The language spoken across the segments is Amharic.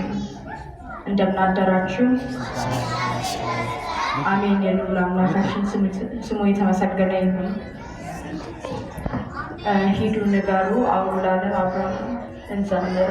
አሜን። እንደምናደራችሁ አሜን። የልዑል አምላካችን ስሙ የተመሰገነ ይሁን። ሂዱ ንገሩ፣ አውሩ ላለን አብረን እንዘምር።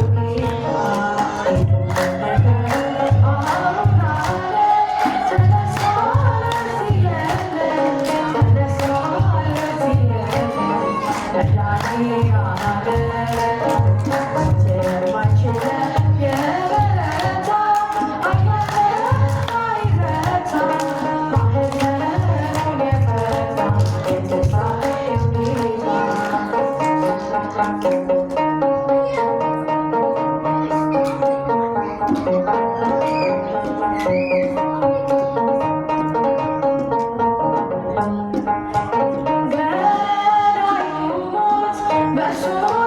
Oh.